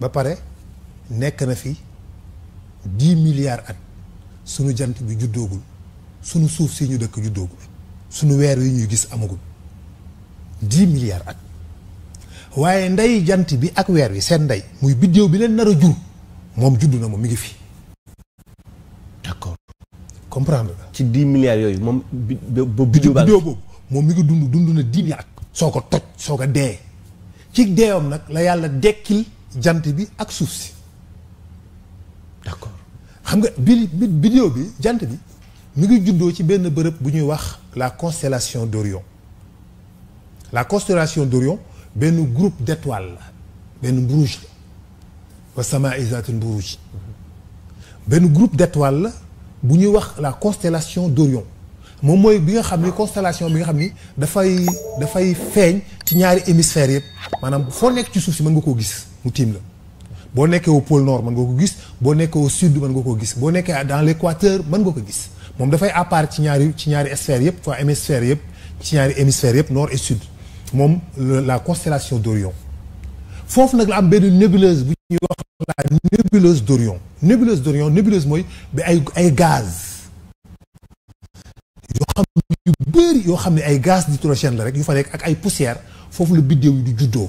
ba pare nekk na fi dix milliards at sunu jant bi juddoogul sunu suuf si ñu dëkk juddoogul sunu weer wi ñuy gis amagul dix milliards at waaye ndey jant bi ak weer wi seen ndey muy biddéew bi leen nar jur moom juddu na moom mi ngi fi d'accord comprendre ci dix milliards yooyu moom mi ngi dund dund na dix milliards at soo ko toj soo ko dee ci deewam nag la yàlla dekkil jant bi ak suuf si d'accord xam nga bi bi vidéo bi jant bi mi ngi juddoo ci benn bërëb bu wax la constellation d'Orion la constellation d'Orion benn groupe d'étoiles la benn mburuj la wa sama isatin Ben benn groupe d'étoiles la wax la constellation d'Orion moom mooy bi nga xam constellation bi nga xam ni dafay dafay feeñ ci ñaari hémisphères yëpp maanaam foo nekk ci suuf si mën nga koo gis tim au pôle nord mon nga au sud mon gis dans l'équateur mon nga gis à part ci ñaari hémisphère nord et sud la constellation d'Orion Fof la am nébuleuse nébuleuse d'Orion nébuleuse d'Orion nébuleuse moi mais elle est gaz il xam yu gaz d'hydrogène la rek yu ak poussière vous avez, du judo.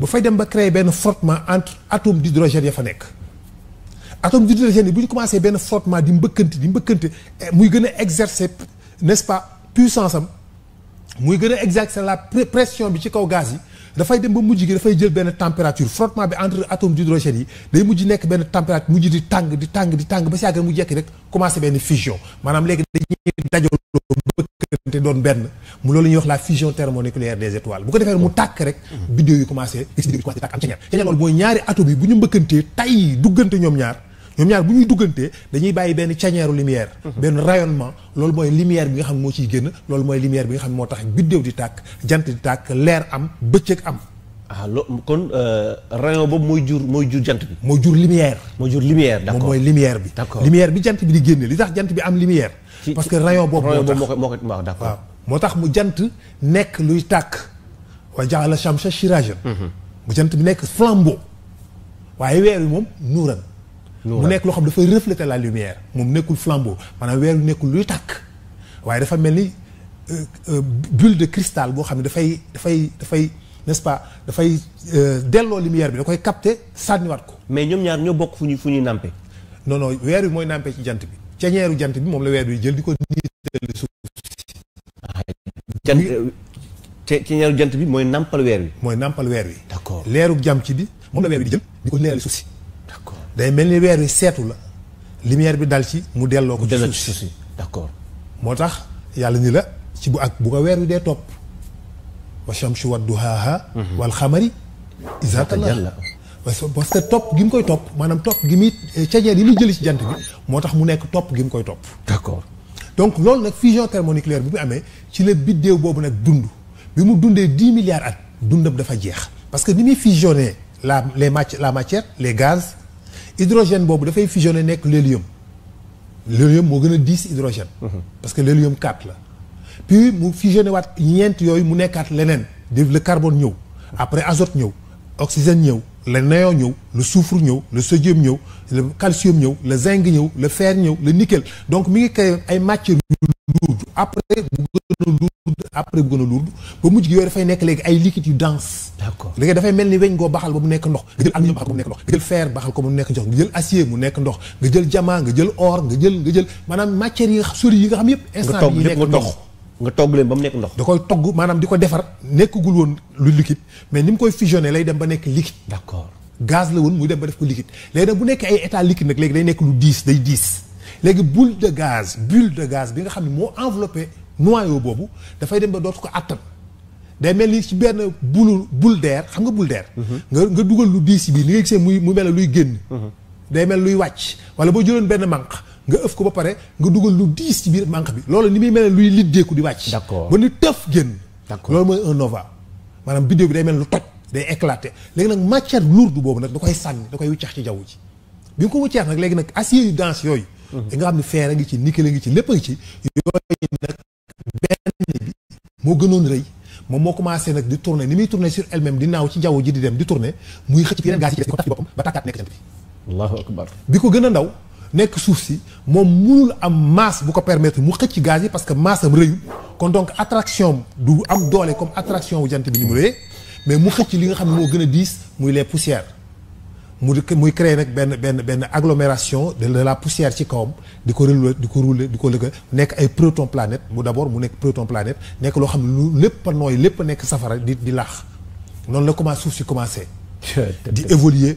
bu fay dem ba créer benn frottement entre atome d'hydrogène ya fa nekk atome d'hydrogène yi bu ñu commencé benn frottement di mbëkkante di mbëkkante eh, muy gën a exercer n'est-ce pas puissance am muy gën a exercer la pression bi ci kaw gaz yi dafay dem ba mujj gi dafay jël benn température frottement bi entre atome d'hydrogène yi day mujj nekk benn température mujj di tàng di tàng di tàng ba si yàgg mu jekki rek commencé benn fusion maanaam léegi dañuy dajaloo te doon ben mu loolu ñuy wax la fusion thermonucléaire des étoiles bu ko defee mu tak rek vidéo yu commencé gis biddéew yi commencé tàkk am ceñeer ceñeer loolu moy ñaari ato bi bu ñu mbëkkantee tay duggante ñom ñaar ñom ñaar bu ñuy duggantee dañuy bayyi ben ceñeeru lumière ben rayonnement loolu moy lumière bi nga xam mo ci ciy génn moy lumière bi nga xam mo moo tax biddéew di tak jant di tak leer am bëccëg am ah loo kon euh, rayon boobu moy jur moy jur jant bi moy jur lumière moy jur lumière d'accord moy lumière bi lumière bi jant bi di génne li tax jant bi am lumière parce que rayon boobu moo tax waaw moo tax mu jant nek luy tak wa jaala shamsa sirajan mhm. mu jant bi nekk flambeau waaye weer mom nouran mu nek lo xam fay refléter la lumière mom nekul flambeau manam weer nekul nekkul luy tàkk waaye dafa melni euh, euh, bulle de cristal boo xam da fay da fay n'est-ce pas fay euh, delo lumière bi da koy capter sànniwaat ko mais ñom ñaar ñoo bokk fuñu fuñu nampé non non weer moy nampé ci jant bi ceñeeru jant bi moom la weer wi jël di ko niital suuf jant ceñeeru jant bi mooy nàmpal weer wi. mooy nàmpal weer wi. d'accord leeru jam ci bi moom la weer wi di jël di ko leeral suuf si. day mel ni weer wi seetu la lumière bi dal ci mu delloo ko. ci suuf si d'accord moo tax yàlla ni la ci bu ak bu ko weer wi dee topp. wa shamsu wa duhaaha mhm. wal xamari. iza talaaha parce que top gi mu koy topp maanaam topp gi muy eh, cajeer yi muy jëli ci jant bi moo tax mu nekk topp gi mu koy topp d'accord donc loolu nag fusion thermonucléaire bi mu amee ci la biddéew boobu nag dund bi mu dundee dix milliards at dundam dafa jeex parce que ni muy fusionné la les mati la matière les gaz hydrogène boobu dafay fusionné nekk l'hélium l'hélium moo gën a diis hydrogène mhm. parce que l'hélium 4 la puis mu fusionné waat ñeent yooyu mu nekkaat leneen de le carbone ñëw après azote ñëw oxygène ñëw le néon le soufre le sodium le calcium le zinc le fer le nickel donc il y a matières après après il y a liquides dense d'accord léegi da fay melni weñ go baxal fer baxal ko acier mu ndox diamant or yi yi nga xam instant yi nga togg leen ba mu nekk ndox. da koy togg maanaam di ko defar nekkagul woon lu liquide mais ni mu koy fusionné lay dem ba nekk liquide. d'accord gaz la woon muy dem ba def ko liquide léegi nag bu nekkee ay état liquide nag léegi day nekk lu diis day diis léegi bul de gaz bul de gaz bi nga xam ne moo enveloppé noyau boobu dafay dem ba dootu ko àttan. day mel ni ci benn bul bul deer xam nga boule d'air. Mhm. nga nga dugal lu diis bi ni nga gisee mu mel luy génn. Mhm. day mel luy wàcc wala boo jëloon benn manque nga ëf ko ba pare nga dugal lu diis ci biir manque bi loolu ni muy mel luy liddeeku di wàcc d'accord ba ni tëf génn d'accord loolu mooy un nova maanaam bidéo bi day mel lu toj day éclaté léegi nag matière lourde boobu nag da koy sànni da koy wuccax ci jaww ji bi nga ko wuccax nag léegi nag acier yu dense yooyu mhm. da nga xam ne fer ngi ci nickel ngi ci lépp a ngi yooyu moo gënoon rëy moom moo commencé nag di tourner ni muy tourner sur elle-même di naaw ci jaww ji di dem di tourner muy xëcc yeneen gaz yi ci boppam ba tàkkaat nekk jant bi ko gën a ndaw nek souci mom mënul am masse bu ko permettre mu gaz parce que masse donc attraction du am comme attraction wu jant bi mais mu li ne gëna dis a les poussières agglomération de la poussière ci kawam di ko rouler proton planète mu d'abord, mu proton planète xam ne noy lepp a di di le non la commencé di évoluer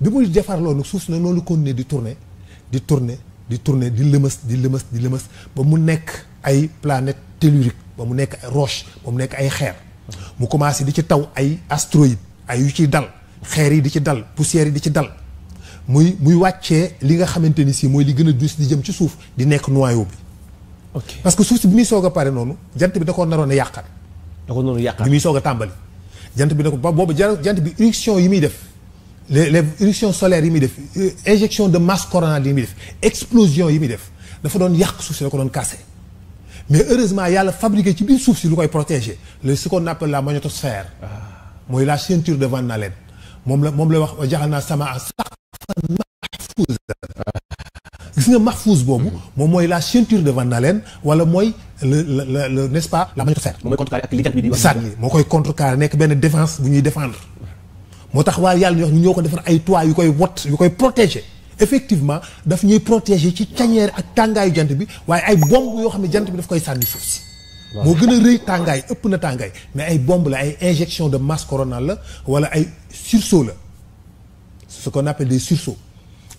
bi defar loolu suuf nag continuer di tourner di tourner di tourner di lëmës di lëmës di lëmës ba mu nekk ay planète tellurique ba mu ay roche ba astéroïdes ay yu ci dal xeer yi dal poussières yi di ci dal muy muy wàccee li nga xamante si mooy li gën di jëm ci di noyau parce que si bi muy soog a pare jant bi da koo naroon a da ko yàqal bi muy jant bi da ko jant bi les solaire éruptions solaires yi euh, injection de masse coronale yi explosion yi muy def dafa doon yàq ce si la ko casser mais heureusement yalla fabriqué ci biir sur ci lu protéger le second qu'on appelle la magnétosphère ah. moy la ceinture de Van Allen moom la mom la wax jaxal naa sama saqfan mahfouz gis nga mahfouz bobu mom hmm. moy la ceinture de Van Allen wala moy le le n'est-ce pas la magnétosphère. moom contre contrecarré ak li jant bi di wax. koy nek ben défense bu ñuy défendre motax wa yalla ñu ñoko ñu ay toit yu koy wot yu koy protéger effectivement daf ñuy protéger ci cañeer ak tàngaayu jant bi waye ay bomb yoo xam jant bi daf koy sanni suuf si moo gën a rëy ëpp na tangay mais ay bomb la ay injection de masse coronale la wala ay sursaut la ce qu'on appelle des sursauts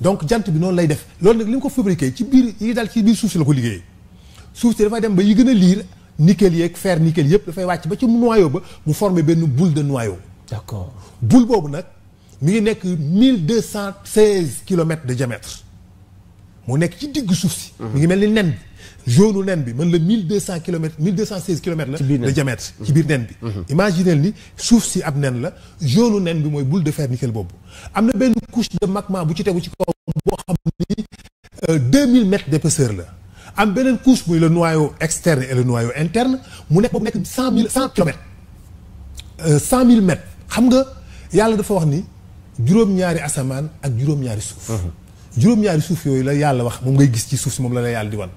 donc jant bi non lay def loolu nag li ko fabriquer ci biir yi dal ci biir suuf si la ko liggéeyee suuf si dafay dem ba yi gëna lire liir nickel yeeg fer nickel yëpp dafay wacc ba ci noyau ba mu former ben boule de noyau d'accord boule boobu nag mi ngi nekk mille deux cent seize kilomètres de diamètre mu nekk ci diggu suuf si. Mhm. mi ngi mel ni nen bi jaune nen bi man la mille deux cent kilomètres mille deux cent seize kilomètres la. de diamètre ci biir nen bi. Mhm. Mhm. imagineel ni suuf si ab nen la jaune nen bi mooy boule de fer nickel boobu am ben benn couche de magma bu ci tegu ci kaw boo xam ni euh, deux mille mètres d'épaisseur la. am beneen couche muy le noyau externe et le noyau interne mu nekk boobu nekk cent mille cent kilomètres euh, cent mille mètres. xam nga yàlla dafa wax ni juróom-ñaari asamaan ak juróom-ñaari suuf. Mhm. juróom-ñaari suuf yooyu la yàlla wax moom ngay gis ci suuf si moom la la yàlla di wan.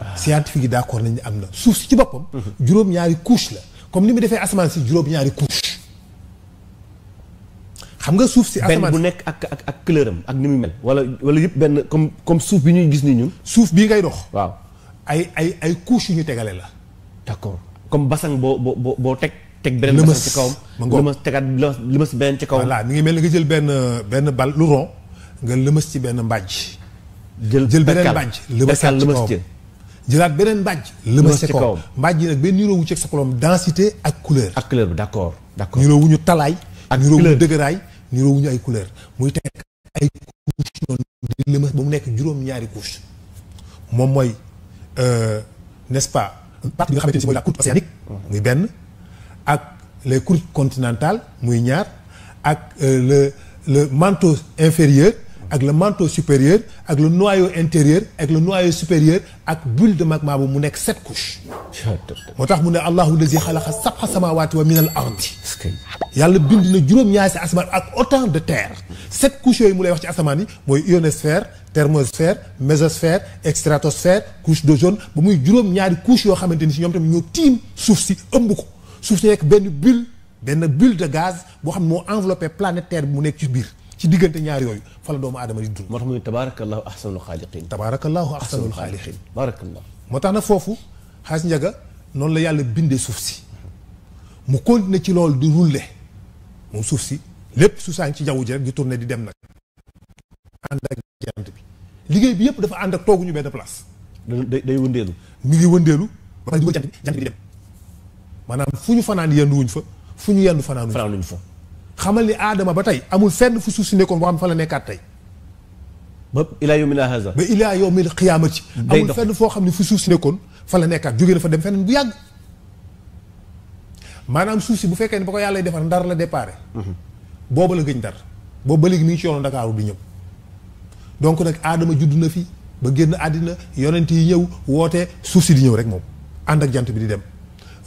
Ah. scientifique yi d'accord nañ am na suuf si ci boppam. Mhm. juróom-ñaari couche la comme ni mu defee asamaan si juróom-ñaari couche. xam nga suuf si asamaan benn bu nekk ak ak ak couleur ak ni muy mel. wala wala yëpp benn comme comme suuf bi ñuy gis ni ñun. suuf bii ngay dox. waaw ay ay ay couches yu ñu tegale la. d'accord comme boo boo teg. teg beneen lëmas ci kawam lëmas tegaat lëmas beneen ci kawam voilà mi ngi mel ni nga jël benn benn bal lu rond nga lëmas ci benn mbàjj jël jël beneen mbàjj lëmas ci kawam jëlaat beneen mbàjj lëmas ci kawam mbàjj yi nag benn niroowu ci sa kolom densité ak couleur ak couleur bi d'accord d'accord niroowu ñu talaay ak niroowu ñu dëgëraay niroowu ñu ay couleur muy teg ay couche noonu nekk juróom-ñaari moom mooy euh, n'est-ce pas partie bi nga muy benn ak les couches continentales muy euh, le manteau inférieur ak le manteau supérieur ak le noyau intérieur ak le noyau supérieur ak bulle de magma bu mu sept couches vous mu ne allah sab'a samawati wa min al ardi yalla bind na ak autant de terre sept couches yooyu mu lay wax ci asman yi thermosphère, ionosphère thermosphère mésosphère extratosphère couche d'ozone bu muy juroom ñaari couches de xamante ni ñom vous ñoo suuf si nekk benn bulle benn bulle de gaz boo xam ne moo enveloppé planète terre mu nekk ci biir ci diggante ñaar yooyu fa la doomu aadama di dund. moo tax muy tabaarakallahu ahsanul xaaliqin. tabaarakallahu ahsanul xaaliqin. baarakallah moo tax nag foofu xaas njaga noonu la yàlla bindee suuf si mu continuer ci loolu di rulle moom suuf si lépp su ci jaww ji rek di tourner di dem nag ànd ak jant bi liggéey bi yëpp dafa ànd ak tooguñu benn place. day day wëndeelu. mi ngi wëndeelu ba pare jant bi jant bi di dem. maanaam fu ñu fanaan wuñ fa fu ñu yenn yendu fanaanuñ fa xamal ni aadama ba tey amul fenn fu suuf si nekkoon boo fa la nekkaat tey ba ilaa yawmil haza ba ilaa yawmil qiyaamati amul fenn foo xam ne fu suuf si nekkoon fa la nekkaat jóge na fa dem feneen bu yàgg maanaam suuf si bu fekkee ne ba ko yàlla defar ndar la déparé mhm. booba la gëj ndar boobu ba léegi mi ngi ci yoonu ndakaaru di ñëw donc nag aadama judd na fi ba génn àddina yonent yi ñëw woote suuf si di ñëw rek moom ànd ak jant bi di dem